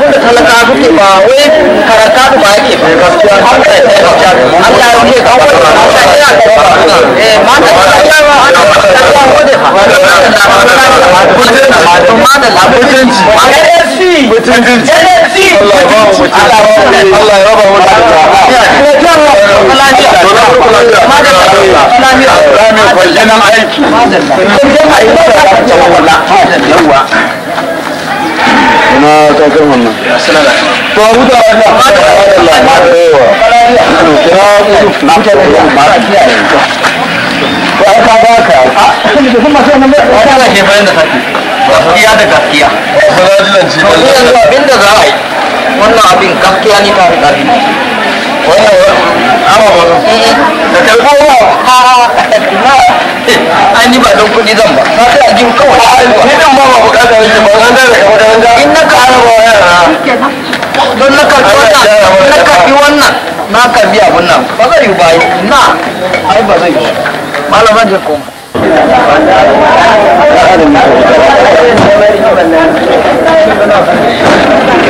abinda talaka suke ba wai karanta ba yake ba ta ta ma ta ta yi wa wa Allah ya Allah ya raba ya ya ya Allah ya raba ina kakar wannan to abu da wani Allah ma da yawa na ta da ma da kiyaye to ai ka ba ka a kuma kuma sai nan ba ka da ke bayan da kake gaskiya da gaskiya ba da lanci ba za a yi wannan abin gaskiya ne ta da an yi ba don kuɗi zan ba na sai a jin kawai ni din ba ma bukata ba zan da in na ba yara don na karbi wannan na wannan na nan ba zai yi ba na ai ba zai yi malaman Thank you.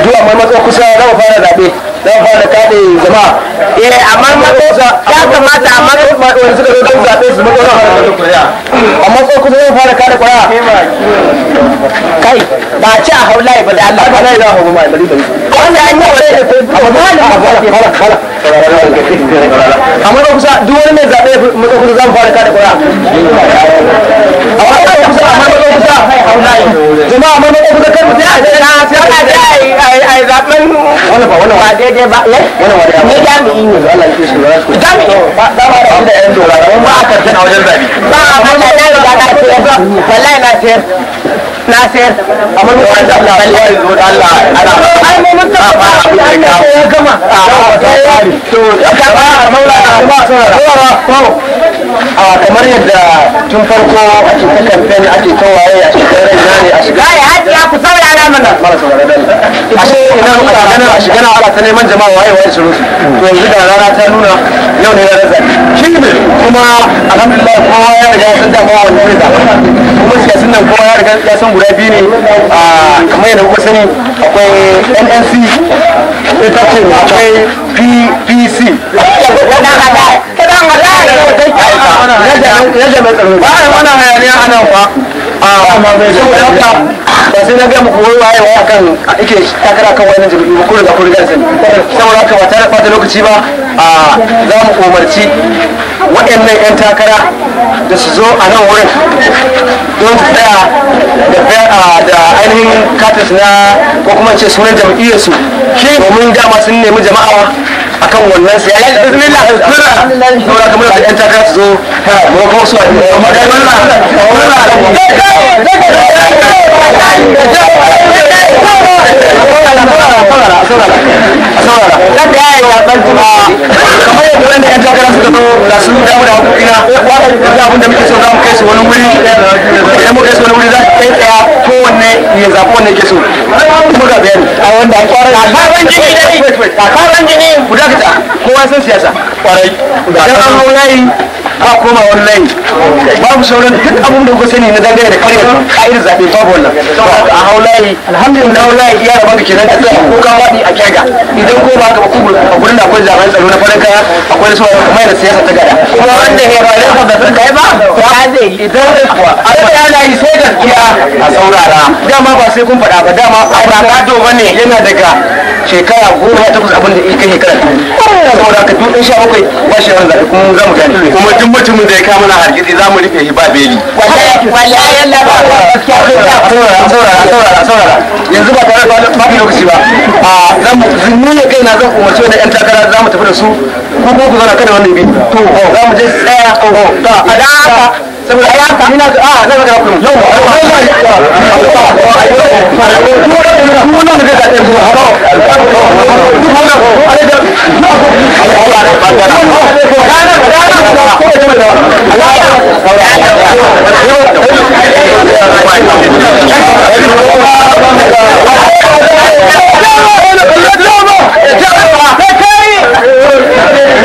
zuwa mai matsa kusa za mu fara zaɓe za mu fara kaɗe jama'a eh amma matsa kusa ya kamata a matsa wani suka zo don zaɓe su matsa za fara kaɗe kuri'a a matsa kusa za fara kaɗe kuri'a kai ba a ci a haulaye ba da Allah ba na yi za a hau ba ma bari bari wanda an yi wa rai da kai a wani hali ba fara fara amma ba kusa duk wani mai zaɓe matsa za mu fara kada ƙura a wani ba kusa amma kusa amma kusa a zaɓen wani ba wani ba daidai ba ne jami'i ne jami'i ba da yan dora ba a karshen a wajen ba a na wallahi na Allah ya zo ai ba gama a kamar yadda tun farko a cikin kamfen ake ta waye a cikin rai ne a shiga ya haji ya ku saurara mana mara saurara da a shi ina a shiga a shiga na ala ta neman jama'a waye waye shiru to yanzu da rana ta nuna yau ne ranar zai. shi ne kuma alhamdulillah kowa ya riga ya san dama wani ne zaɓe kuma shi sun nan kowa ya riga ya san guda biyu ne a kamar yadda kuka sani akwai nnc ita ce akwai p pc bayan wannan hayaniya a nan fa ba na waye wa takara ba kuriga kuriga sun saboda haka ba tare fata lokaci ba za mu umarci waɗannan 'yan takara da su zo a nan wurin don su tsaya da ainihin katis na ko kuma ce sunan jam'iyyarsu domin dama sun nemi jama'a akan wannan sai ya yi bismillah alhamdulillah saboda kamar da yan takara su zo ha mu kuma su a magana kamar yadda wanda yan takara suka zo da sun damu da hukukina da abin da muke so za kai su wani wuri idan mu kai su wani wuri za su kai tsaya kowanne ya zaɓi wanda ke so buga bayani a wanda an kwarar a faran jini dai a faran jini ku dakata kowa san siyasa kwarai da an hau layi ba koma wani layi babu sauran duk abin da kuka sani na dangane da kare ka'ir zaɓe babu wannan a hau layi alhamdulillah hau layi iya rabar da kenan ka ko kan waɗi a kyaga idan ko ba ka ba kuma a gurin da akwai zaɓen tsaro na farin kaya akwai da sauran kuma da siyasa ta gada kuma wanda ya ba da ba da kai ba ba zai idan a yi sai gaskiya a saurara dama ba sai kun faɗa ba dama a gado ba ne yana daga shekara goma takwas abin da ika shekara ta saboda ka duk in sha bakwai ba shi yawan zaɓe kuma za mu kuma duk mutumin da ya kama na hargitsi za mu rufe shi ba beli yanzu ba tare da ba ba a zan mu ne kai na zan umarci da yan takara za mu tafi da su ko ku zauna kada wannan bi to je tsaya a saboda ai haka ni na ga ah na ga kuma yau ba ai ba Thank you.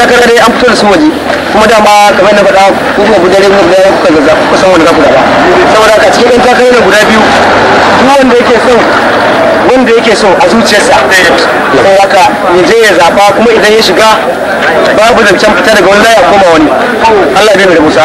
karkara dai an fito da su waje kuma dama kamar na faɗa ko kuma gudare ɗaya guda ɗaya kuka zaza kuka san wanda za ku ba saboda haka cikin ɗan takara na guda biyu duk wanda yake son wanda yake so a zuciyarsa sai haka ya je ya zaɓa kuma idan ya shiga babu zancen fita daga wani laya koma wani Allah bai da Musa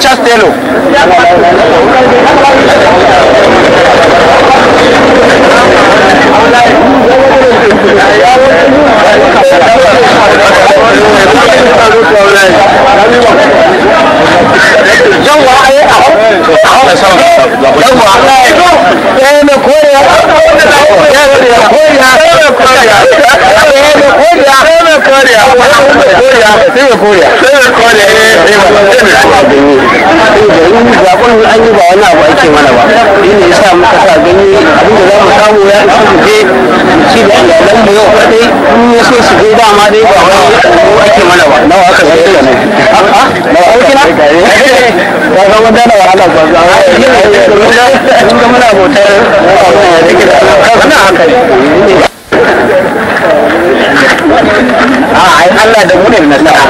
Castello. an yi ba wani abu ake mana ba shi ne yasa muka sa ganye abinda za mu samu ya isa je shi da iyalan mu yau kadai in ya so su je dama dai ba wani mu ake mana ba nawa aka da ne nawa aka da ne ga wanda na ba za a yi mun ga kana haka ne a ai Allah da nasara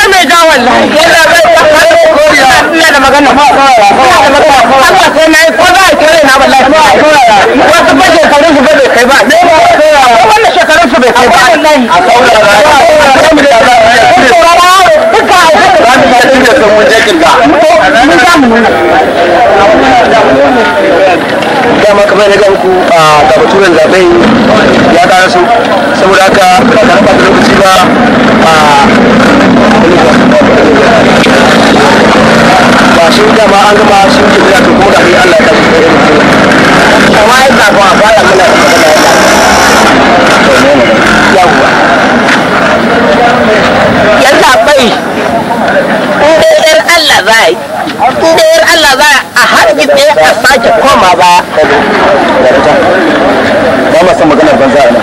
kar mai ja wallahi yana bai da kare koriya ina da magana ma ko ya ko da magana ko Allah sai nayi ko za a na wallahi ma ko ya wasu ba shekarun bai kai ba ne ba ko ya wannan su bai kai ba wallahi a da sun mun je kirga mun sha mun kamar ku a da baturen zaben ya kara su saboda haka ba da ba lokaci ba a ba shi dama an gama shi ke da kuma da Allah ya kashi amma ya kafa ba ya kula yalla bai ɗayar Allah za a yi ɗayar Allah za a harbi ɗaya a sake koma ba ba ma san maganar banza a nan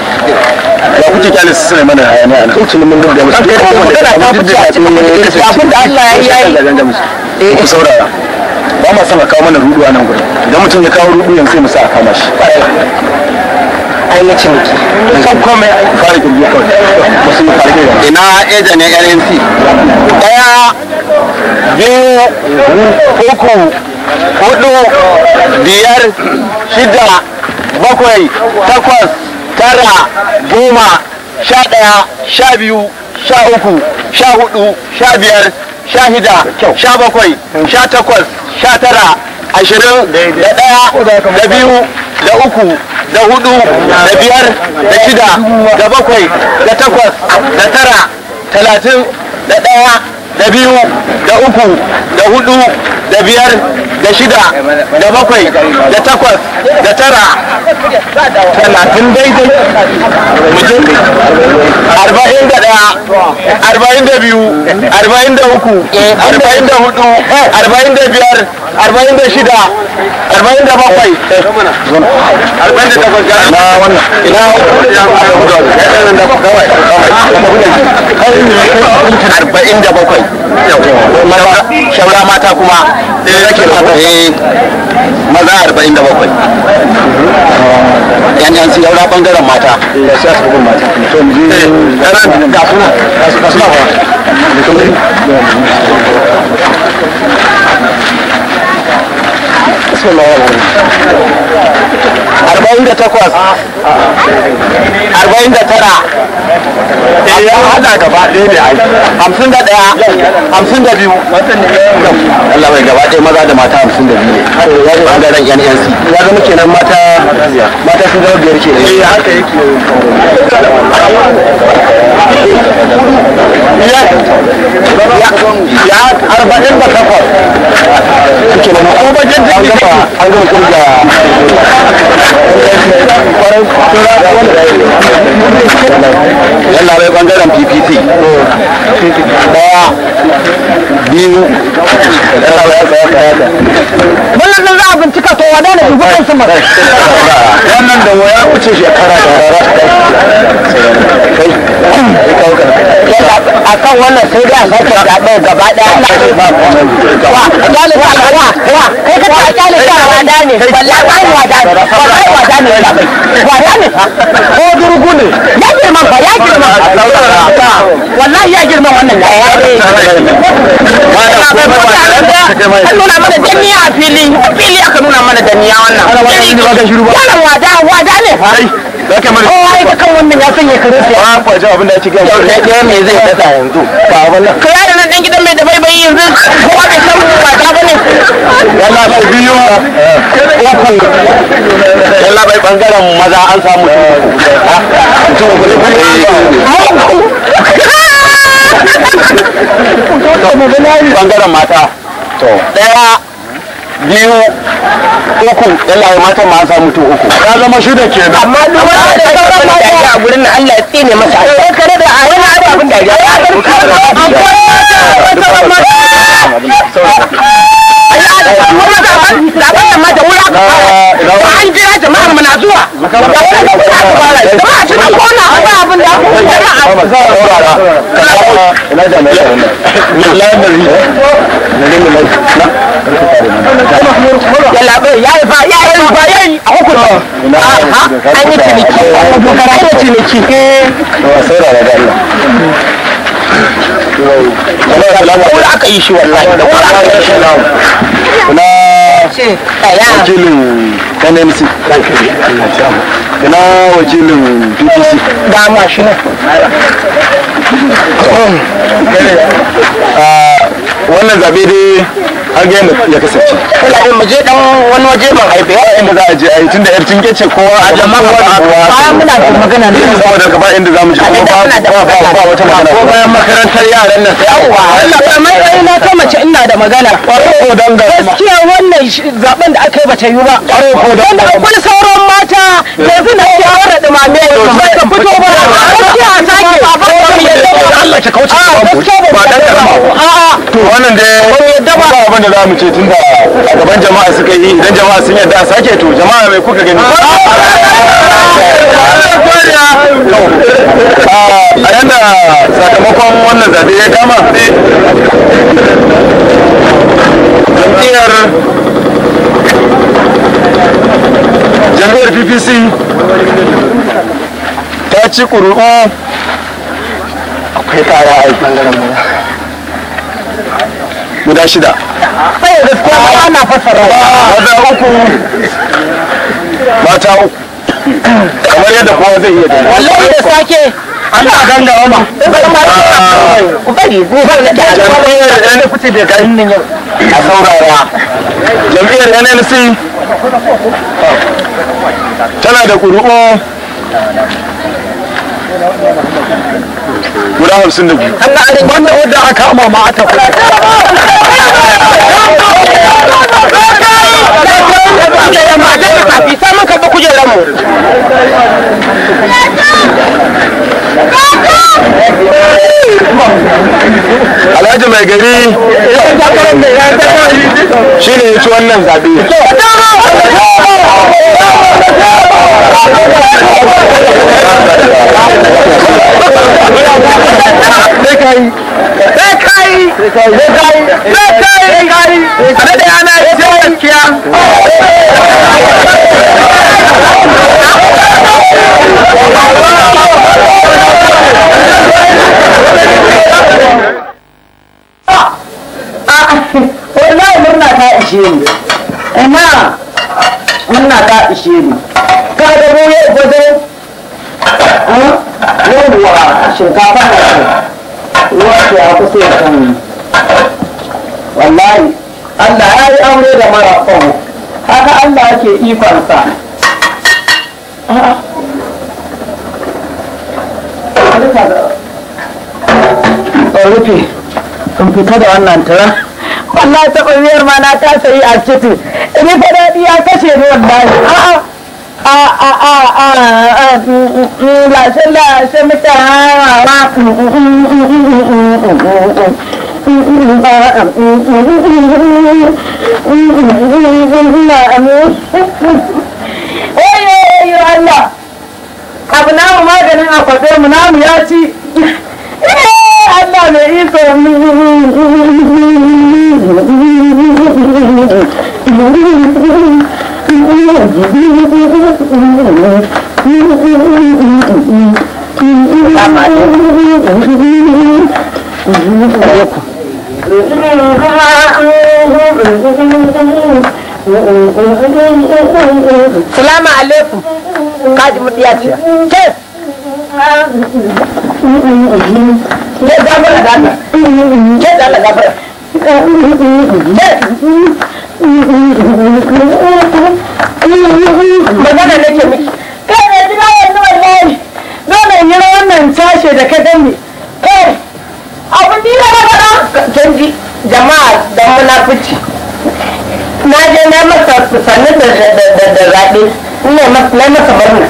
ya kuce kyale su suna mana hayani a nan kuke mun dubbe musu kai kuma magana ta fice a cikin abin da Allah ya yi yayi ku saurara ba ma san a kawo mana rudu a nan gurin idan mutum ya kawo rudu yanzu sai mu sa a kama shi an yi ciniki san komai an ina eja ne rnc daya biyu uku hudu biyar shida bakwai takwas tara goma sha daya sha biyu sha uku sha hudu sha biyar sha shida sha bakwai sha takwas sha tara ashirin da ɗaya da biyu da uku da hudu da biyar da shida da bakwai da takwas da tara talatin da ɗaya da biyu da uku da hudu da biyar da shida da bakwai da takwas da tara talatin daidai arba'in da daya arba'in da biyu arba'in da uku arba'in da hudu arba'in da biyar arba'in da shida arba'in da bakwai arba'in da takwas ga wannan ina arba'in da bakwai shaura mata kuma eh, maza arba'in bakwai yan yan bangaren mata arba'in da takwas arba'in da tara eh, ya hada gaba ɗaya ne ai hamsin da ɗaya hamsin da biyu Allah bai gaba ɗaya maza da mata hamsin da biyu ne ɓangaren nnc ya zama kenan mata mata sun zama biyar ke ne eh, haka ya arba'in da takwas kenan ko ba jirgin an gama kirga yalla bangaren ppt daya biyu za a bincika to wane ne dubu wannan da ya shekara da rara a kan wannan sai dai a sake zaɓe gaba ɗaya ne kai wada ne wallahi wada ne wallahi wada ne wada ne ko durgu ne ya girma ba ya girma wallahi ya girma wannan da ya nuna mana jami'a a fili a fili aka nuna mana jami'a wannan wannan wada wada ne da kai mara kowa ita kan wannan ya sanya kare sai ba ku ji abin da ake gani me zai dasa yanzu ba wannan nan dan gidan mai da bai yanzu kowa bai san ba ta bane yalla bai biyo uku yalla bai bangaren maza an samu mutum ku ku ne bangaren mata to daya biyu uku Allah ya mata ma samu to uku ya zama shida nan. amma duk wanda da sauran mata a gurin nan Allah ya tsine masa ai kare da ai wani abu abin da ya ya ga an jira jama'ar ka zuwa. Jama'a suna kone Muhammad saurara ka samu ina da aka yi ina wakilin ppc dama shi ne ah, wannan zabe dai har ga ya kasance Kuna din mu je dan wani waje ban haife ya inda za a je ai tunda yar tinke ce kowa a jama'a kowa ba muna da magana ne saboda ka ba inda zamu je kuma ba ba ba wata magana ko bayan makarantar yaran nan sai yawa Allah ba mai ai na ta mace ina da magana ko dan ga gaskiya wannan zaben da aka yi bata yi ba ko dan da akwai sauran mata yanzu na shawara da mame ba ka fito ba gaskiya a sake Allah ka kauce ba dan karama a to wannan da ban yadda ba da za mu ce tunda a gaban jama'a suka yi idan jama'a sun yarda a sake to jama'a mai kuka gani a yadda sakamakon wannan zabe ya kama jam'iyyar jam'iyyar ppc ta ci ƙuri'u akwai a ɓangaren mu guda shida mata uku mata uku kamar yadda kowa zai iya dana wallahi da sake ah. yau a saurara jam'iyyar nnc tana da ƙuri'u guda hamsin da biyu wanda wadda aka ama ma aka fi kujerar mu a zai kafi sai mun kujerar mu Alhaji mai gari shi ne ya ci wannan zaɓe. Sai kai! Sai kai! Sai kai! ishe ni ina muna ta ishe da shinkafa na ce ruwa a kusa ya kan wallahi Allah ya yi aure da mara ƙwamu kaga Allah ke ikonsa rufe in fita da wannan tara wannan ta ma na ta sayi a ciki ini fa daɗi ya kashe ni wallahi a a a a a lashe lashe mutane Oyoyo Allah! Abu namu maganin akwafe mu namu ya ci. Allah mai iso. Thank Salama alaikum. Kaji mu diya ce. Ke. Ke da mu Ke Magana miki. Kai ne yanzu yi wannan da ka Kai. canji jama'a da munafici na je na masa sannu da zaɓe ina na masa barna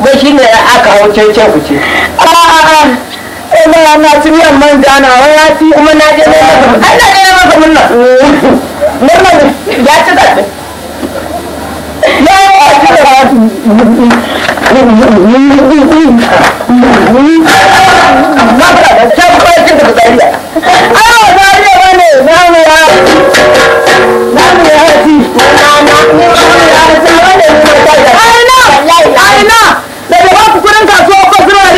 bai shi ne aka hau cece kuce a'a ina eh, na ci miyan jana wa ya ci kuma na je na masa ai na na masa murna mm. murna ya ci zaɓe Mata da da zariya. Awa ba ne Da ba da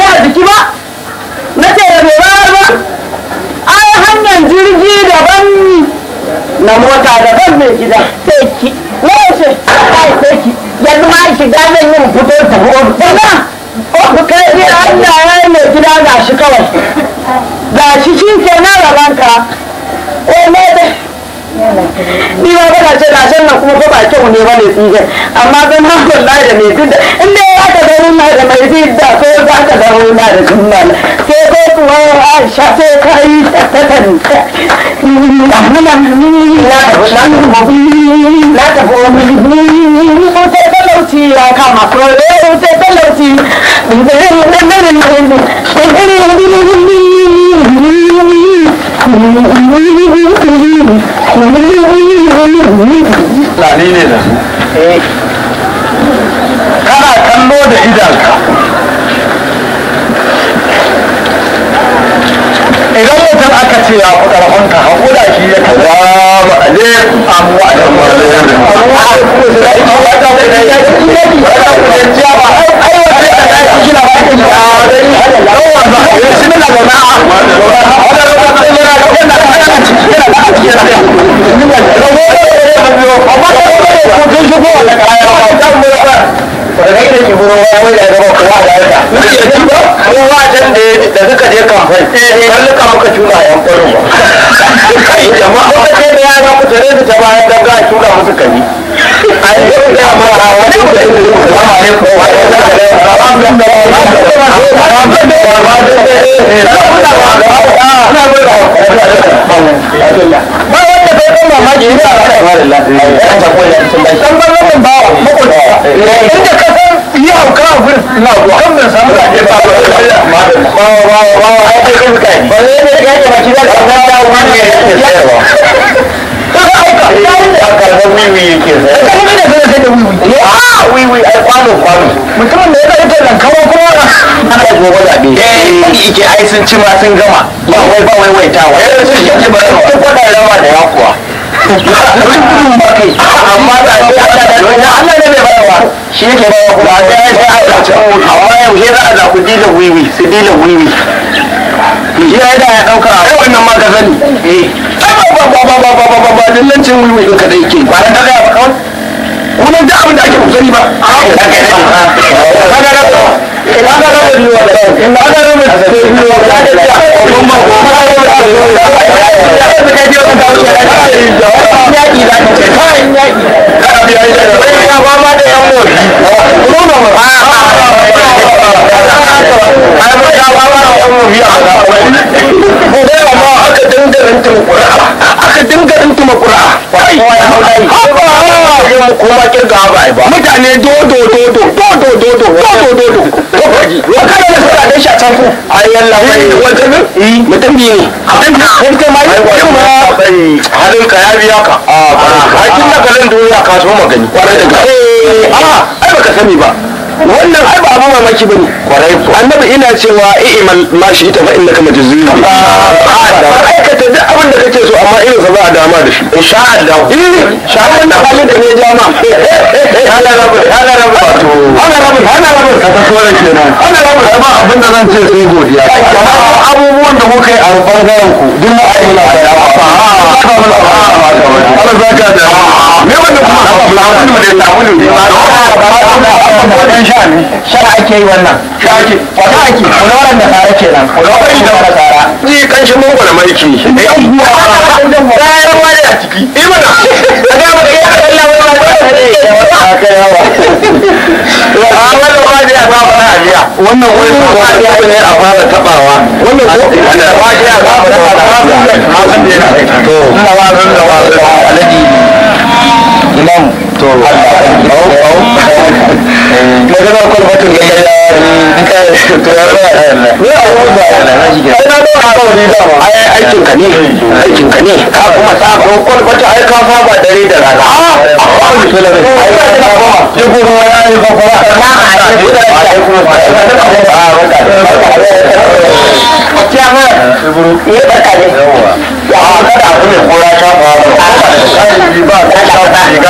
a Na hanyar jirgi daban na mota daban mai gida. Sai ce Allah ya sai ki yanzu ma shiga zan yi fito ta hudu daga ku kai ni Allah ya yi mai gida gashi kawai gashi shi ke na rabanka ko eh, ne ni ma ka ce na san nan kuma fa ba kyau ne ba ne tsigar amma zan na kulla da mai fidda in dai y'a ka dawo na da mai fidda ko za ka dawo na da jummal sai ko kuwa aisha sai ka yi ta ta ta na tafi wani sai talauci ya kama ko sai talauci Thank you. Lani ne da Kana kallo da idanka. Idan mutum aka ce ya fi ƙarfinka, haƙura shi ya kaza. a عليكم ورحمة da suka je kamfani, kan luka muka cuna a kwanu ba. Kai jama'a, wata ce da baya za ku tare da ta baya don ga tura musu kari a yi yau da yamma a wani da yi da yi da da da da da da da da da da mamaki ina da kai. Dan ban i hauka a gurin ina zuwa samu da ke tabar da ya ba ba ba ba ai kai kai kai ba ne ne ga ya ki da ka da wani ne ke tsayawa ka aika ya ka da wiwi yake tsayawa ka ne da zai da wiwi a wiwi ai kwano kwano mutumin da ya dauke da kawo kuma ana gobe zabe eh yake ai sun ci ma sun gama ba wai ba wai sun ci ba duk wadanda rawa da yakuwa amma da Allah ne bai bayarwa shi yake bayarwa kuma a sai sai a zaci amma yau shi za a zaku dila wiwi su dila wiwi shi ya da ya dauka ai wannan ma gazani eh ba ba ba ba ba ba ba dillancin wiwi din kadai ke ba dan daga ba kawai kuma da abin da ake ba bi ba aka dinga aka dinga ga haba ba mutane dodo dodo dodo dodo dodo dodo to kaji wa kada da sura da sha tafu ai Allah bai wata ne mutum biye ne abin da kai ka mai kuma halin ka ya biya ka a ba kin da kalan duniya ka so magani kwarai da gaske a ai baka sani ba wannan ai ba abu mamaki bane kwarai ko annabi ina cewa i'mal ma shi ita fa innaka majzuri aikata duk abin da kake so amma irin sa ba a dama da shi insha Allah insha Allah na halin da ne jama ana rabu ana rabu wato ana rabu ana rabu ka ta tsore kenan ana rabu amma abin da zan ce sai godiya abubuwan da kuka yi a bangaren ku duk mu ai muna kai ha Allah zaka da ne wannan kuma Allah ba mu da samu ne ba shan shan ake yi wannan shaki wata ake da tsara ke nan kulawaran da tsara tsara ni kan shi mun kula maiki ne ya kuma wani a ciki imana a ga wani a wannan ba ba ba a biya wani ba ya ne a fara tabawa wannan ko ba ba ba ba ba ba ba ba ba ba ba ba ba ba ba ba ba ina mu to magana ya na da rana a yi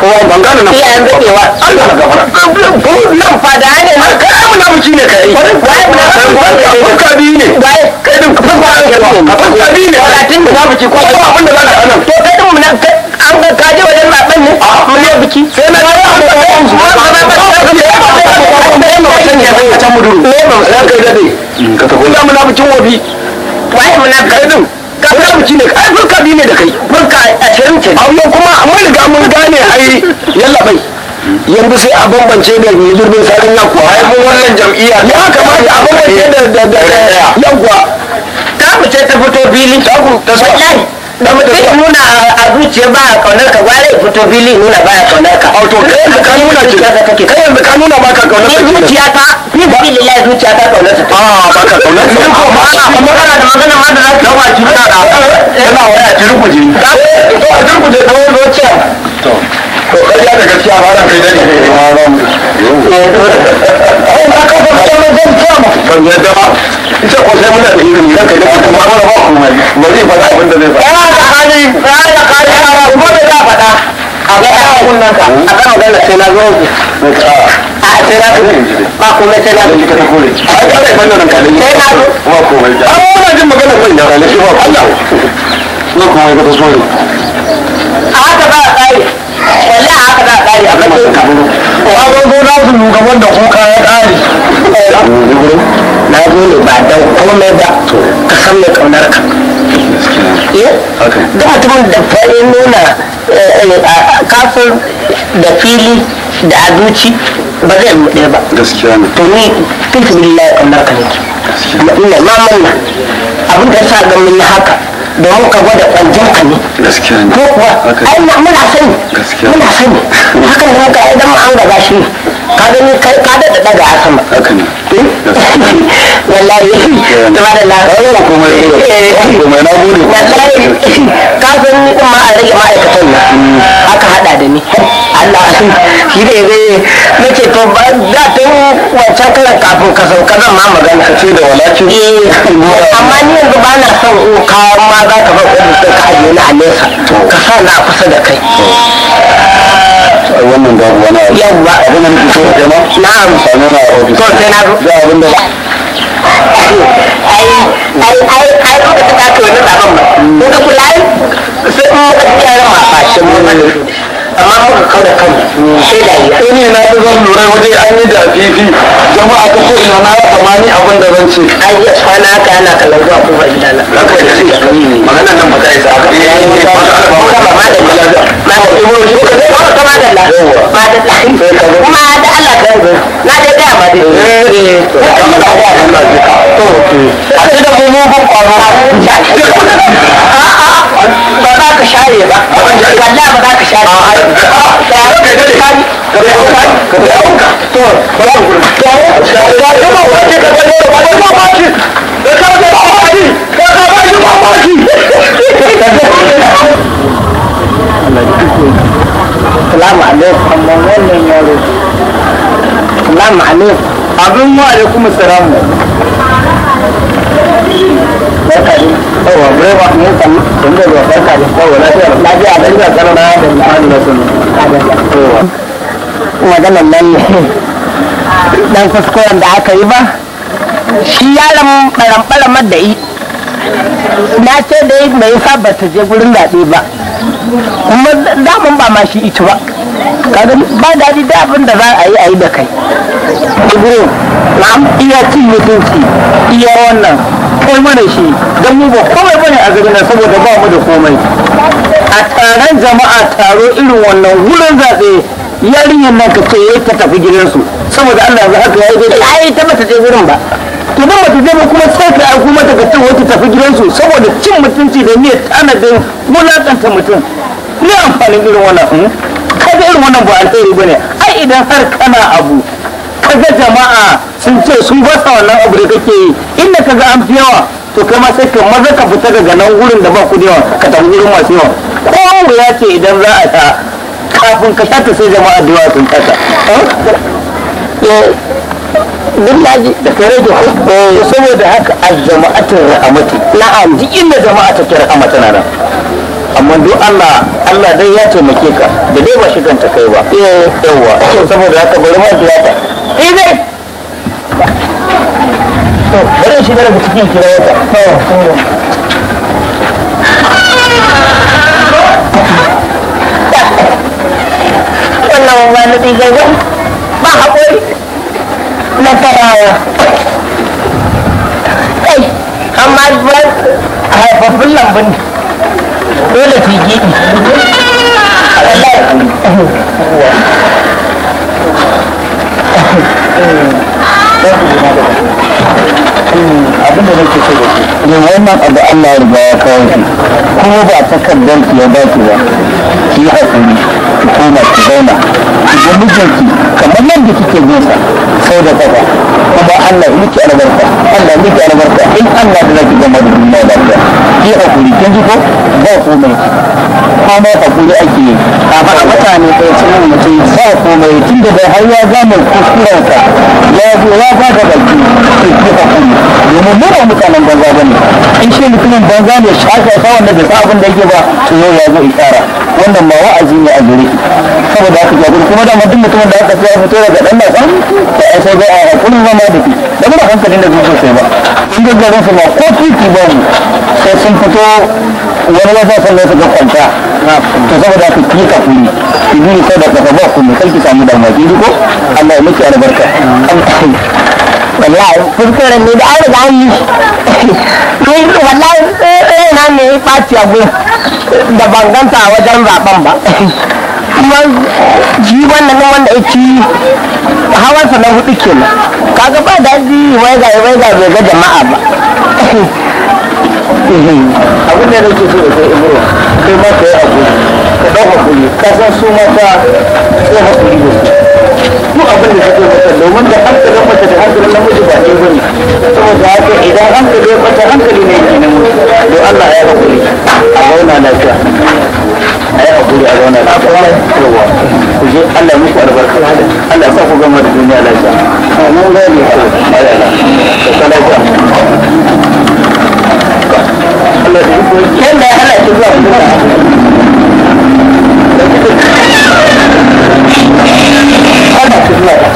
kowa ban gane nan iya yanzu kewa Allah ga fara nan fada ne kai mu na miji ne kai wai mu na farka bi ne wai kai din farka ne farka bi ne talatin da zamu ci ko ko abin da zaka nan to kai din mu na an ga kaje wajen zaben ne mu ne biki sai na ga an ga an zuwa ba ba ba ne ba san ka dade ka ta kula mu na bikin wabi wai mu na kai din kafin biki ne ai furka biyu ne da kai furka ashirin ce amma kuma mun riga mun gane ai yalla bai yanzu sai a bambance da zurbin sarin nan kuwa ai mun wannan jam'iyya ya kamata a bambance da da ta mu ce ta fito filin ta ku ta wallahi da mutum nuna a zuciya ba a kaunar ka gwara fito fili nuna ba a kaunar ka auto kai ka nuna ki kai yanzu ka nuna ba ka kaunar ka zuciya ta ni ba fili lai zuciya ta kaunar ta a ah, ba ka kaunar ta ko ba ana kuma kana da magana ma da za ki dawa ki da yana waya ki rubuje ka to a rubuje da zuciya to ƙarya da gaskiya ba ran kai dani ma ran ai na ka fara kana zan fama ban yadda ba ita ko sai muna da irin ran kai da kuma ba ba kuma ba zai faɗa abin da zai faɗa ya da hali ya da hali ara kuma da za faɗa a ga ya kunnan ka a kan magana sai na zo a sai na ba kuma sai na zo ka kore a ga dai ban nan kalin sai na zo ba kuma ja amma muna jin magana ban ya kalin ba Allah ko kuma ka ta so a haka ba a tsari wani a haka ba a tsari a bakin ka kwanan na su shugaban da kuka ya tsari na zo ne ba don komai ba ka san mai kaunar ka da eh? mutumin da fari nuna eh, eh, kafin da fili da aduci ba zai mu ɗaya ba gaskiya ne to ni tun fi billahi kaunar ka ne ma manna abin da ya sa gamin haka domin ka gwada kwanjin ka ne ko kuwa ai muna sani muna sani haka ne ka idan an gaba shi ka gani ka da daga a sama wallahi na eh, rage ma'aikatan shi ne zai nake to ba wancan kafin ka sauka zan ma magana ka ce da eh, amma ni yanzu ba na son in kawo ma za ka ba ofis ka ajiye ni a nesa ka sa na kusa da kai wannan ga wani abu yawa abin da nake so ka ma na'am na to sai na abin da ai ai ai ai ko ta ka ne ba ba ko ka kula sai mu ma amma muka kau da kanmu sai dariya ni na fi zan lura waje an yi da fifi jama'a ta ko ina na abin da zan ce ai ya kwana kallon zuwa haka magana nan ba kai sa ne ba ba shi ka da da kuma da Allah ka yi na da eh to a ce da mu mu ba ba ka share ba wallahi ba ka share Salamu alaikum. Wannan yaro. Salamu alaikum. Abin wa alaikum salamu. yawa bai da zuwa barka da maganan nan dan kuskuren da aka yi ba shi yaron barambaramar da yi na ce da yi mai sa ba ta je gurin zaɓe ba kuma damun ba ma shi ita ba kaga ba daɗi da abin da za a yi a yi da kai Ibrahim, iya cin mutunci, iya wannan, kai mana shi don mu ba komai bane a garin saboda ba mu da komai a taron jama'a taro irin wannan wurin zaɓe yarinyar nan ka ce ta tafi gidansu saboda Allah ya haka ya yi daidai ai ta mata je wurin ba to dan mata je kuma sai ka aiko mata ka ce wata tafi gidansu saboda cin mutunci da niyyar tanadin mulakanta mutum ni amfanin irin wannan hmm? kada irin wannan ba alheri bane ai idan har kana abu kaga jama'a sun ce sun fasa wannan abu da kake yi inda kaga an fi yawa to kai ma sai ka maza ka fita daga nan wurin da ba ku da yawa ka tafi wurin masu yawa kowa ya ce idan za a ta kafin ka shata sai jama'a da yawa sun kasa lillahi eh? eh. da kare da ku eh. saboda haka aljama'atin rahamati na'am duk inda jama'a ta kira na nan amma duk Allah Allah dai ya taimake ka da dai ba shi kanta kai ba yawa saboda haka bari ma ta Eh, Ibe. To, bari shiga daga cikin kira wata. na tsigaga haifafin lambun เออ abinda da ke so da shi wannan abu Allah ya riga ya kawo shi ko ba takardar ya ba ki ba ki yi hakuri ki koma ki zauna ki ga mijinki kamar nan da kike jin sa sai da kafa kuma Allah ya miki albarka Allah ya miki albarka in Allah da zaki gama da da lafiya ki hakuri kin ji ko ba komai kama hakuri ake yi amma a mutane sai sunan mutum ba komai tunda bai har ya gama kuskurensa ya zo ya kuma ga baki ke ke hakuri domin mu mutanen banza bane in shi mutumin banza ne shi aka sa wanda bai sa abin da yake ba to yau ya zo tsara. wannan ma wa'azi ne a gare saboda haka ga kuma da mutum mutumin da aka ce ya fito daga dan nasa da a sai ga a kullum ma da ki da ba hankalin da zuwa sai ba sun ga garin su ma ko titi ba mu sai sun fito wani wata sannan su ga kwanta to saboda haka ki ka kuli ki sai da kafa ba ku mu kalki samu da ki ko Allah ya miki albarka wallahi kuskuren ne da an riga an yi wallahi eh, eh, na ne ya faci a da banganta a wajen zaben ba kuma ji wannan wanda yake ci hawansa na hudu kenan kaga ba daji wai ga wai bai ga jama'a ba abin da yake so kai ma kai abu ka ka san su sai hakuri abin da kake mata domin da hankalin mace idan hankali ya kwanta hankali ne yake nan don Allah ya hakuri a zauna lafiya a yi hakuri a zauna lafiya yawa ku je Allah ya muku albarka Allah sa ku gama da duniya lafiya mun gane ku malala ka Allah ya ku kin da Allah ki zuwa Allah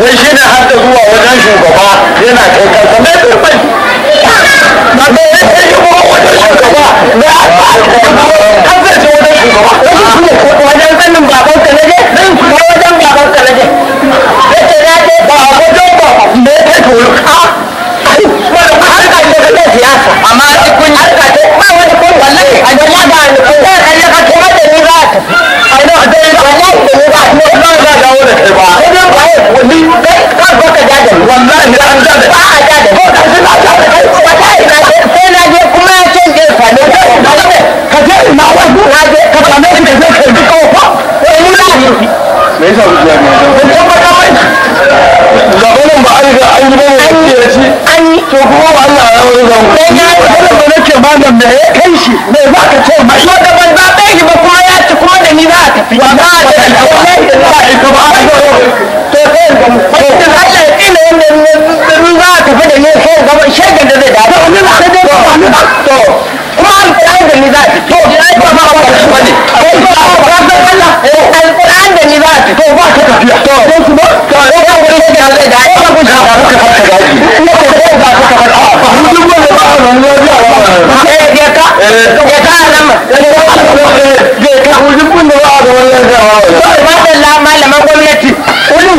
wai shi ne har da zuwa wajen shugaba yana kai kansa mai turbai na yi kuma wajen shugaba da ya ba kan zai ce wajen shugaba wajen sanin baban ka na je ba wajen baban ka na je na je ba wajen ba me ya kai wani ce ta siyasa amma ce ba wani wallahi a jama'a malam da ya kai shi me za ka ce mai tafi wallahi wallahi da ba ita ba a da da da da da da da a ba mun ya ka alama bai ka hujin kun da ba da wannan dawa kawai ba da la malaman gwamnati kudu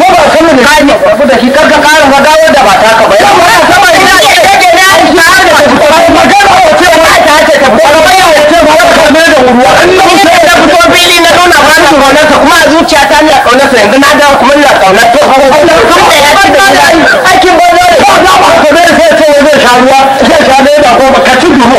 mu ba san mu ka ne ku da shi karka karin ga gawo da ba taka ba yau ma sama ina da kake na aisha har da ku ba a ko ce wa ta ce ta ba ba ya ce ba ka ne da ruwa in mun sai da fito fili na nuna ba na kaunarsa kuma a zuciyata ne a kaunarsa yanzu na dawo kuma ina kaunar to ba ba da aikin banza ne ba za mu ka ne sai ce zai a ruwa zai sha ne da ko ka ci duro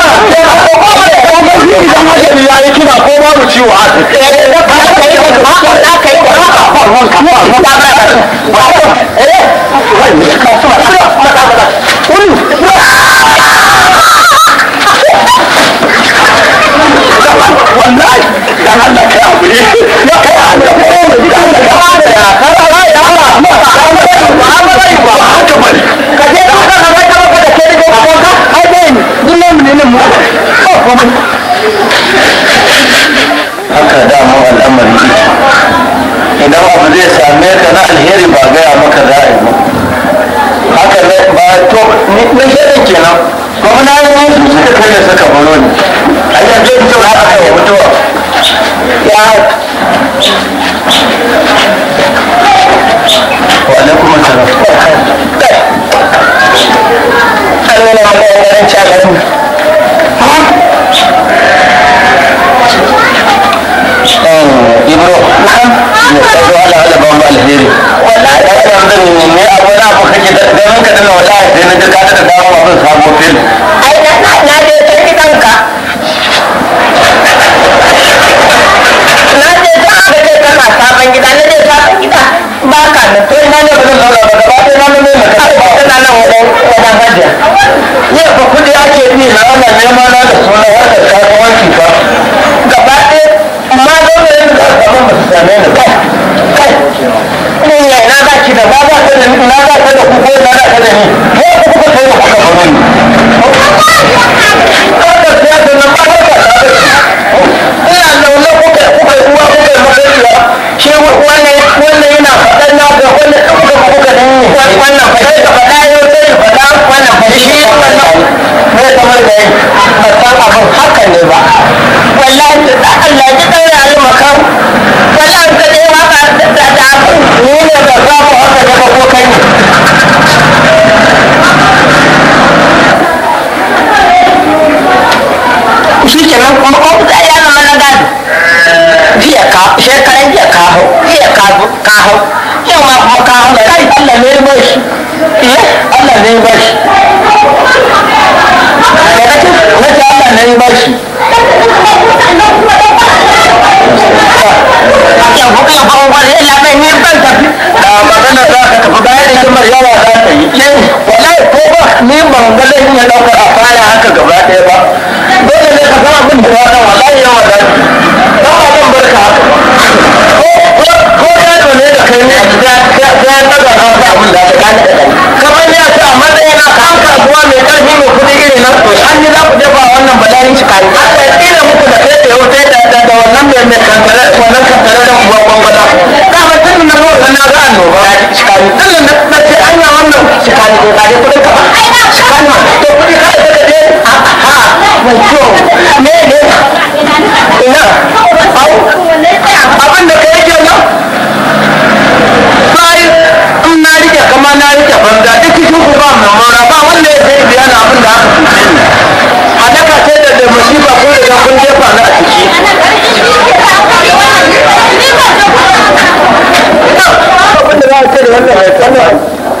dan ajali ya yi kina ko babu ciwo a mu ba da ya je komai haka dama al'amari idan abu zai same ka na alheri ba gaya maka za a yi ba haka ba to na shirin kenan kuma na yi wani su suka kai suka baro ne a yanzu in cewa aka yi mutuwa ya wa alaikum assalam करने लगा मैं क्या करूँ Ibro, wala wala ban ba alheri. Wallahi da kan da ni ne abu da abu kake da dan ka da wallahi sai na duka da dawo abin sabo fil. Ai na na na da take kanka. Na da ta ana nema na da suna harkar kasuwanci ba gaba ɗaya ma zaune yadda za ka samu masu same ni kai kai ni na ba ki da ba ba ta da na ba ta da ku ko na ba ta ni ko ku kuka sai da kuka ba ni harkar siyasa na ba harkar kasuwanci ina zaune kuka kuka uwa kuka madariya shi wannan wannan yana faɗan na ga wannan kuka kuka da ni wannan faɗa da faɗa yau wannan ba shi ne kamar da ya san abin hakan ne ba wallahi da Allah ya daura almakan wallahi ka dai waka da da ni ne da za mu haka da ko kai ne shi kenan kuma ko da ya mana gadi jiya ka shekaran jiya ka hau ca không nhưng mà họ ca không lại đây anh là lê bơi ý anh là lê bơi nghe đó chứ nghe cho anh là lê bơi dạ. dạ, chẳng có cao không quan hệ là mày nghiêm tân thật à mà cái này ra cái thằng bé này nhưng mà do là ra tỷ nhưng mà đây cô bác nghiêm bằng cái đây người đâu có đọc ra là cái cậu bé kia bác bây giờ cái thằng đó mình vừa đâu mà đây đâu mà đây đó là tâm bơi khác kai ne ta ta ta daga ka ta abin da ka ta kamar ya ce a matsayin na kan kasuwa mai karfi mai kuɗi iri na to an yi za ku jefa wannan bala'in shi kai aka tsira muku da kai tsaye sai da da da wannan mai mai kankare wannan kankare da kuwa gwangwata dama tun na zo da na ga annoba shi kai tun da na ce an yi wannan shi kai ko kare kuɗin ka ba shi kai ma to kuɗi kai da ka je ah, ah, a a mai kyau me ne ba mamora ba wanda ya fi biya na abin da aka cuce ni halaka ce da da musiba ko da kun jefa na a ciki abin da za a ce da wannan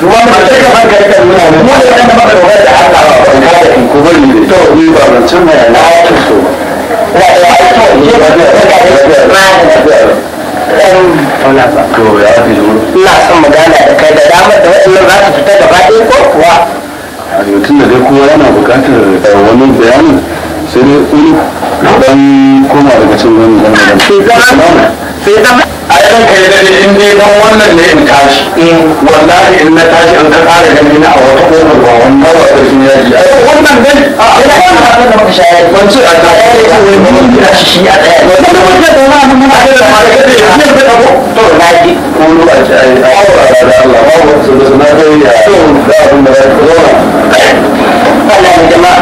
kuma ba ta ka Ina son magana da kai da damar da waɗannan za su fita da ɗaya ko kuwa. A tun da dai kowa yana bukatar wani bayani sai dai wani dan koma daga cin wani zama. Sai zama. Sai zama. ai ran kai da in dai dan wannan ne in tashi wallahi in na tashi ka kare na a wata kofar ba wannan yaji wannan dai a ina da a ta wai shi shi a daya da mun da da ne da ko to na ji ko da Allah ba mu da na kai ya to da da Allah jama'a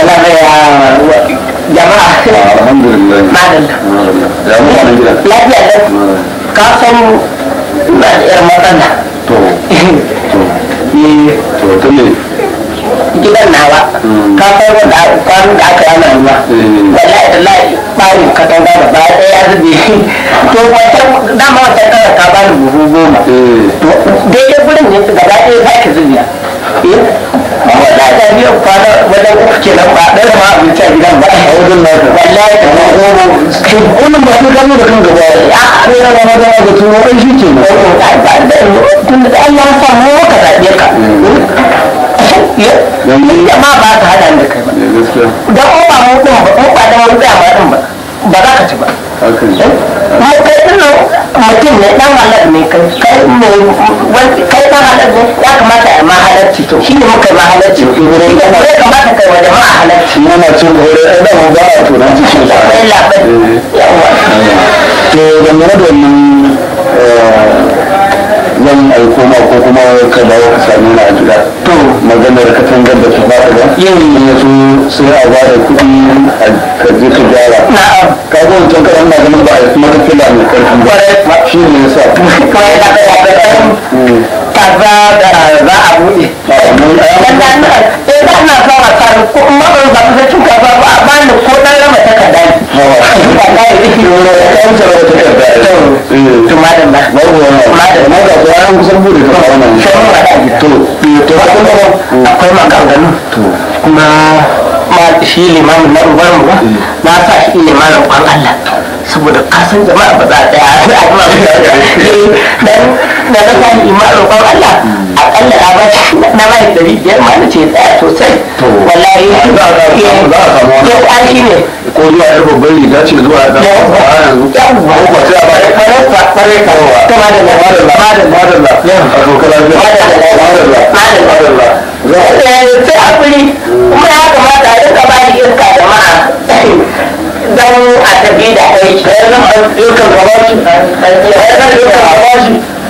Allah ya jama'a alhamdulillah da ka san ina da yar matsala to to to ne gidan nawa ka san wanda kwanan da aka yana ruwa wallahi da lai barin katanga da baya ɗaya ya zube to wata dama wata kara ka bani buhu goma daidai gurin ne gaba ɗaya ba ki zubiya amma da biyan kwanan uku kenan ba ɗaya ma abinci a gidan ba a wajen na ka wallahi ka na goro to wannan ba sai ka nuna kan gaba ya ko na gaba da ga tuwo ai shi ke nan tun da Allah ya samu da zaɓe ka yadda ma ba ka hada da kai ba da ko ba mu ba ko ba da wani ba ba za ka ci ba Eh, kai ina mutum ne dan halar ne kai kai kai dan halar ne ya kamata a ma to shi ne muka ma halarci to ne ya kamata kai wa jama'a halarci yana cin gore ai da ba a turanci shi ba ai labai eh. yawa to da da wannan eh, zan aiko ma ko kuma ka dawo ka sami na a gida to maganar katangar da ta faɗa ba yin ne su sai a ba da kuɗi a kaje ka gyara ka zo wancan karan na ganin ba a yi kuma ka fila mai karfi ba shi ne ya sa mm. kaza da za a buɗe eh za na son a kan ko in ma ban samu sai cin kaza ba a bani ko dan rama takarda ne wallahi ihi wala an tsara takarda to madan eh. ba madan na ga ko an kusan buɗe ta wannan to to akwai maganganu kuma shi limamin na ubar mu eh. na sa shi limamin kwan Allah saboda kasan jama'a ba za a tsaya a jima mutane eh, dan da na sani ima roƙon Allah a ƙalla na ba na ba ɗari biyar ma na ce tsaya sosai wallahi ya za a samu wani an shi ne ko zuwa yar babban riga ce zuwa ya ba zama ba ba yanzu ba ko ba a ba ya kare ka kare ka ta ma da na ba da na ma da na ba da ba a ba lafiya ba da na ma da na ba da na sai a kuri kuma ya kamata ba rika ba da iska jama'a don a tafi da aiki. ya zama ɗaukar gabashi, ya zama ɗaukar gabashi.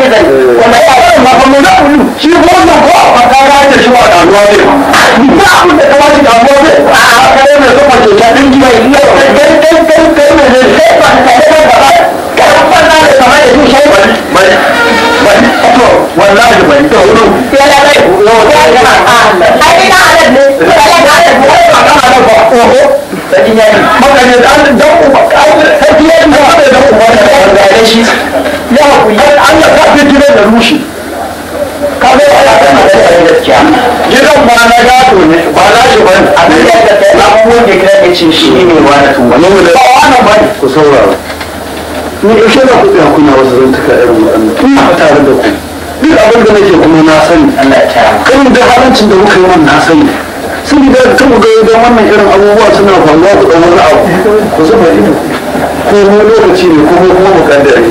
yi zai wanda ya yi ma ba mun zaɓu shi ko a fata ya yi da shi wa damuwa zai ba abin da kama shi damuwa a kare mai ke ta ɗin gina yi yau kai kai kai kai kai mai ba ka yi ba ba ka ba na da kama da shi shi ba ba ba to wallahi ba to wani ya ya rai yau ya ya a ai ina halal ne ya ya halal ba ka da ba sarkin yaki maka ne da an dan uba sarkin yaki ba da dan uba da wanda ya shi ya hakuri Allah ka fi gidan da rushi ka ga Allah ka na da gaskiya gidan ba na ne ba na shi da ka kai abubuwan da kira kace shi ne wani to wani ne ba wani ku saurara ni yaushe za ku tsaya kuna wasu zantuka irin waɗannan ina tare da ku duk abin da nake kuma na sani Allah ya kan da halancin da kuka yi na sani sun riga da tabu ga yadda wannan irin abubuwa suna faruwa ku ɗan wani abu ku zuba ido ko mu lokaci ne ko kuma mukaddari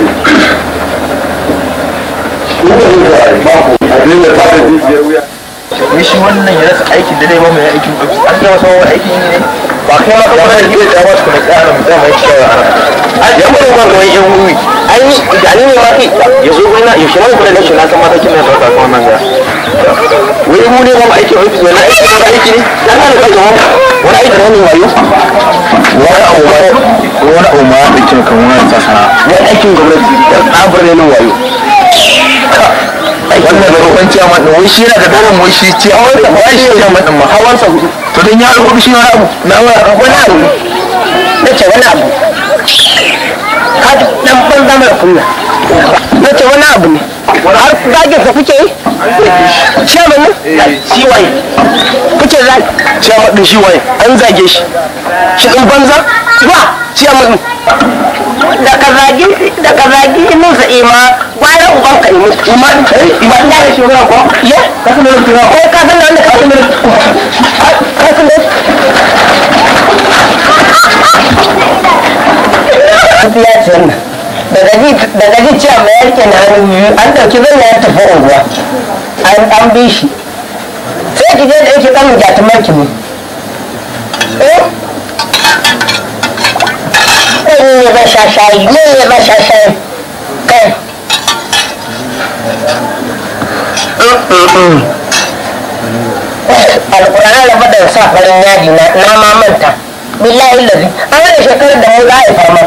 ne ko da ba ku a daina ta da jijiyar wuya wai shi wannan ya rasa aikin da dai ba mai aikin ofis an gama samun aikin ne ba kai ma kuma da zai dawo su kuma tsara mu dama yake shawara a ya mu ba ga wani yan wuri ai da ni ne ma kai ya zo gona ya shi ma kuma da shi na san matakin da ya sauka kuma nan ga wai mu ne ba mu aiki wani wani aiki wani aiki ne dan ana kai ba. wani aiki ne mai wayo wani abu ma wani abu ma da ke kan wani sasana wani aikin gwamnati dan tsabar ne wayo wannan da roƙon ciya ɗin. wai shi yana da daren wai shi ciya wai shi ciya maɗin ma sa to dan ya rubuta shi wani abu na wani abu na ce wani abu ka dan banza mara kunya na ce wani abu ne har zagin da kuke yi ciyaman eh, eh, kuke zagi ciyaman din shi an zage shi shi banza ba ciyaman din da ka zagi da ka zagi mun sa ima eh, gwara uban ka ima ima ima da shi ko ya ka san ruwa ko ka san nan ka san ruwa ka san ruwa daga jin cewa mai yarke na hannu biyu an ɗauki zanna ya tafi unguwa an bi shi sai ki je da yake ɗan jatumar ki ne ne eh? ya ba shashayi ne ya ba shashayi kai alƙur'an rabu da sa farin yaji na mamanta billahi lazi an wani shekarar da mu za a yi farma.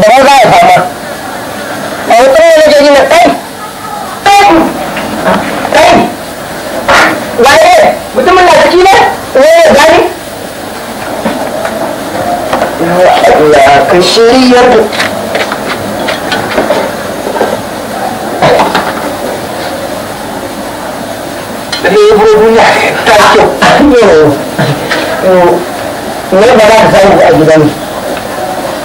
da mu za a yi fama Nah itu yang jadi ngetem. Tem. Tem. Gani. Mutumin na ciki ne? Eh gani. Ya Allah ka shirya da Lebunya kacau. Ne ba za ka samu a gidan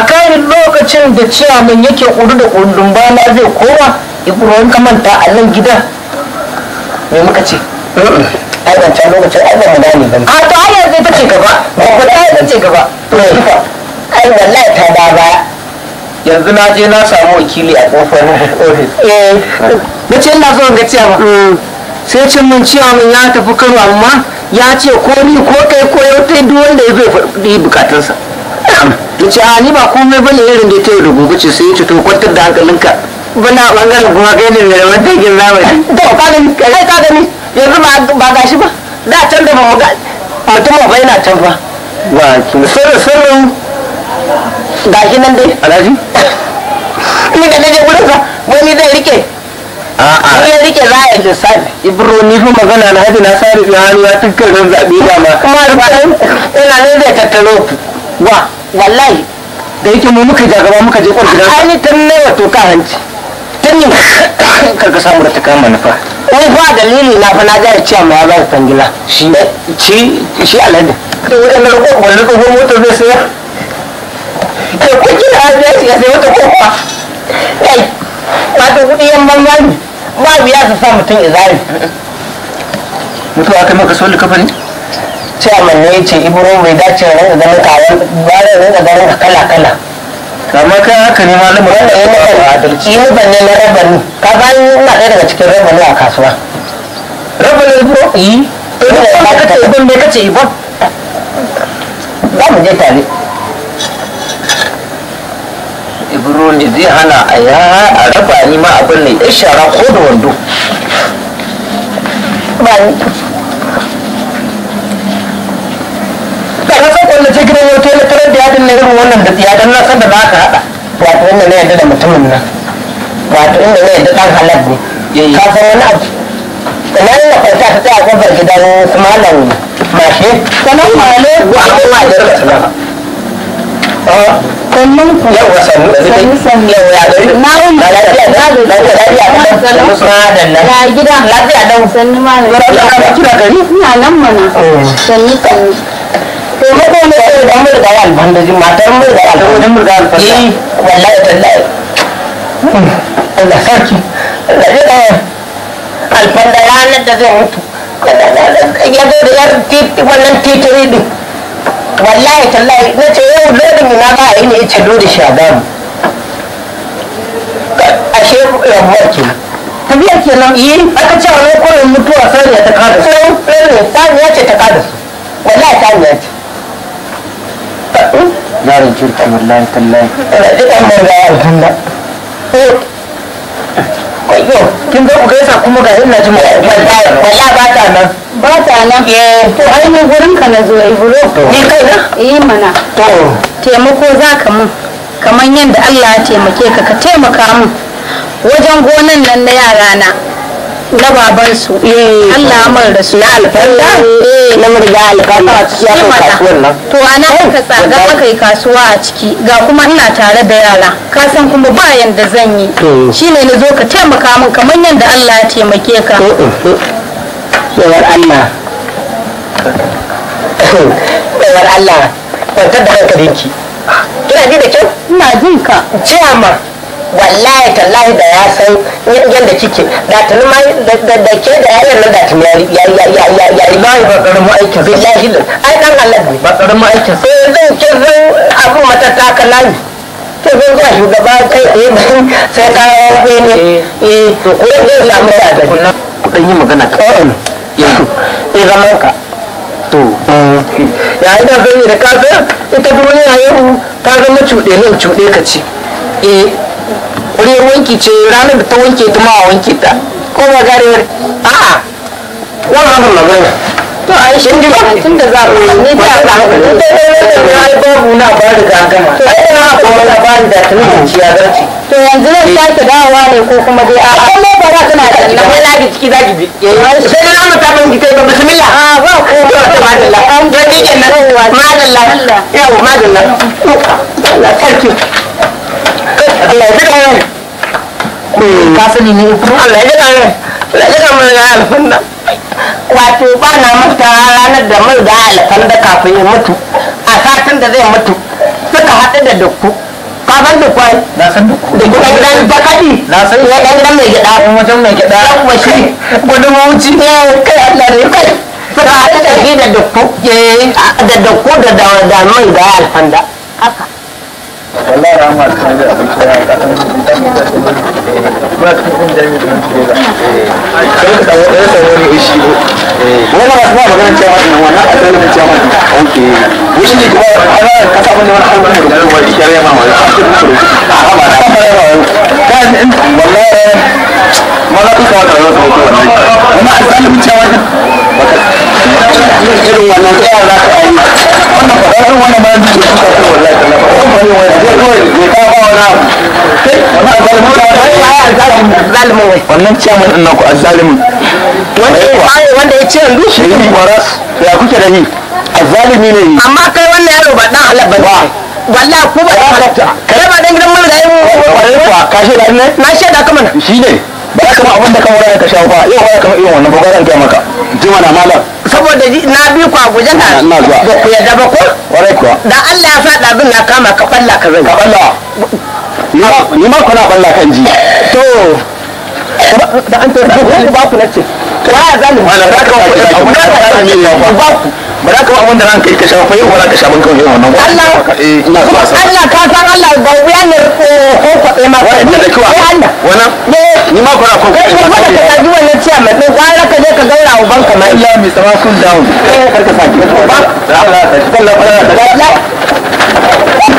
a kayan lokacin da ciyaman yake kudu da kundin bana zai koma ikurorin kamanta a nan gidan me muka ce ban aibancan lokacin aiban mu dani bane a to ai zai ita ce gaba ba ta da ita gaba to kifa ai wallahi ta da ba yanzu na je na samu wakili a kofar ofis eh nace ina so ga ciyaman hmm. sai cin mun ciyaman ya tafi Kano amma ya ce ko ni ko kai ko yau duk wanda ya zai faɗi bukatunsa ce a ni ba komai bane irin da ta yi da gobe ce sai ya ce to kwantar da hankalinka bana bangaren kuma kai ne mai rawar takin zamani to ka gani kai ka gani yanzu ba gashi ba da can da ba mu ga mutum ba yana can ba ba ki sirri da shi nan dai alaji. ni da nake gurin sa wai ni zai rike a'a ni rike za ya sai ibro ni fa magana na hadi na sai ya hannu ya tukkan zabi da ma kuma ina ne zai ku wa wallahi da yake mu muka gaba muka je kwar dan ani tan ne wato ka hanci tan ne karka samu da ta kama fa ko ba dalili na fa na ga cewa ma ba ta gila shi shi shi alade to wannan roƙo ballo ko mota zai saya to ko kina zai ya sai wata kofa kai da kudi yan banzani ba biya sa mutun izari mutuwa kai maka soli kafa ne ciyaman ne ya ce ibro mai dace da rinka ganin kayan bayan rinka ganin ka kala kala amma kai haka ne malamin wanda ya nufa adalci yi ban ne na rabani ka bayan ina ɗaya daga cikin rabani a kasuwa rabani ibro yi eh. da to ne kuma kace ibon me kace ibon za mu je tare ibro ne zai hana a ya a raba ni ma abin ne ya shara ko da wando ba ni na wato na tarar da yadin na irin wannan da tsiya don na da ba ka haɗa wato inda na yadda da mutumin nan wato inda na yadda ɗan halar ne ka san wani abu ina yin kwanta ta tsaya kofar gidan su malam mashe sanan male wa kuma da rika sanan sannan ku yau wa sannu yau ya gari na da lafiya da lafiya da da lafiya da nan taimako ne sai wallahi tallahi ya da na ce yau lodin na ba a yi ne ce lodin shi a a ce rabuwar kenan tafiya kenan yi aka ce wani kurin mutuwa sai ta kada su sai ya ce ta kada su wallahi ta ya ce yaron kirki wallahi tallahi kin ga ku gaisa kuma ga ina ji mu walla ba ta nan ba ta nan eh. to ai ni gurin ka na zo ibro ni kai na eh mana to taimako za ka mun kamar yadda Allah ya taimake ka ka taimaka mun wajen gonan nan na yara na na baban babansu Allah amur da su na alfarda na murga alfarda ya kai kasuwar nan to nan ka tsaga aka yi kasuwa a ciki ga kuma ina tare da yara ka san kuma ba yanda zan yi shine na zo ka taimaka min kamar yanda Allah ya taimake ka yawar Allah yawar Allah kwantar da hankalinki kina ji da kyau ina jin ka ciya wallahi tallahi da ya san da kike da tuni ma da ke da yayin nan da tuni ya ya ya ya ya wallahi ba tsarin karamin aikin billahi lan ai dan Allah ne ba karamin aikin sai eh, zan ke zan abu mata ta kalani to zan ga shugaba kai eh sai ka yi ne eh, eh to ko zai samu da gani kudan yi magana ka kawai oh, oh. yanzu eh zaman ka to eh, ya ina zan yi da kafin ita duniya yau ta zama cuɗe nan cuɗe ka ce eh ƙwarewar wanki ce ranar da ta wanke ta ma wanke ta ko ba gare a'a wani hannun na gani to shi ba tun da za ne ta ba ne ne to ai ne ba da tun da to yanzu sake ne ko kuma dai a'a ba za da na mai ciki za ki bi sai na ta ba bismillah a ba ko ba ta ma da an ga dike nan Allah sarki Allah ka sani ne Allah ya kare Allah ya kare ga alfanda. wato ba na mata ranar da mai da alfanda kafin ya mutu a satin da zai mutu suka haɗu da dukku ka san dukku ai na san dukku da gidan gidan bakadi na san ya dan gidan mai gida kuma wajen mai gida kuma shi gudun wuci ne kai Allah ne kai suka haɗu da gidan dukku da dukku da da mai da alfanda haka wallahi ya okay wannan ciyaman ɗin naku azzalimin wanda ya ce yanzu shi ne kwaras ya kuke da ni azzalimi ne amma kai wannan yaro ba dan halal bane wallahi ku ba halatta kai ba dan gidan mulki ai kuwa ka shaida ne na shaida ka mana shi ne ba ka abin da ka wura ka shawo ba yau ba ka irin wannan ba ga ran kai maka jima na malam saboda na bi ku a guje ka ba ku yadda ba ko da Allah ya faɗa bin na kama ka falla ka zai ka falla ni ma kuna falla kan ji to da an ta ba ku nace wa zalim ana ba ka ku da ku ba ku ba za ka ba wanda ranka ka shafa yau wala ka shafa kawai yau wannan Allah eh, ina kuma Allah ka san Allah ba wuya ne eh, ko ko ko ma ko Allah wannan eh. ni ma kuna ko ko ka ji wannan ciya mai daura uban ka mai Allah mai tsara sun down eh karka saki ba la la la la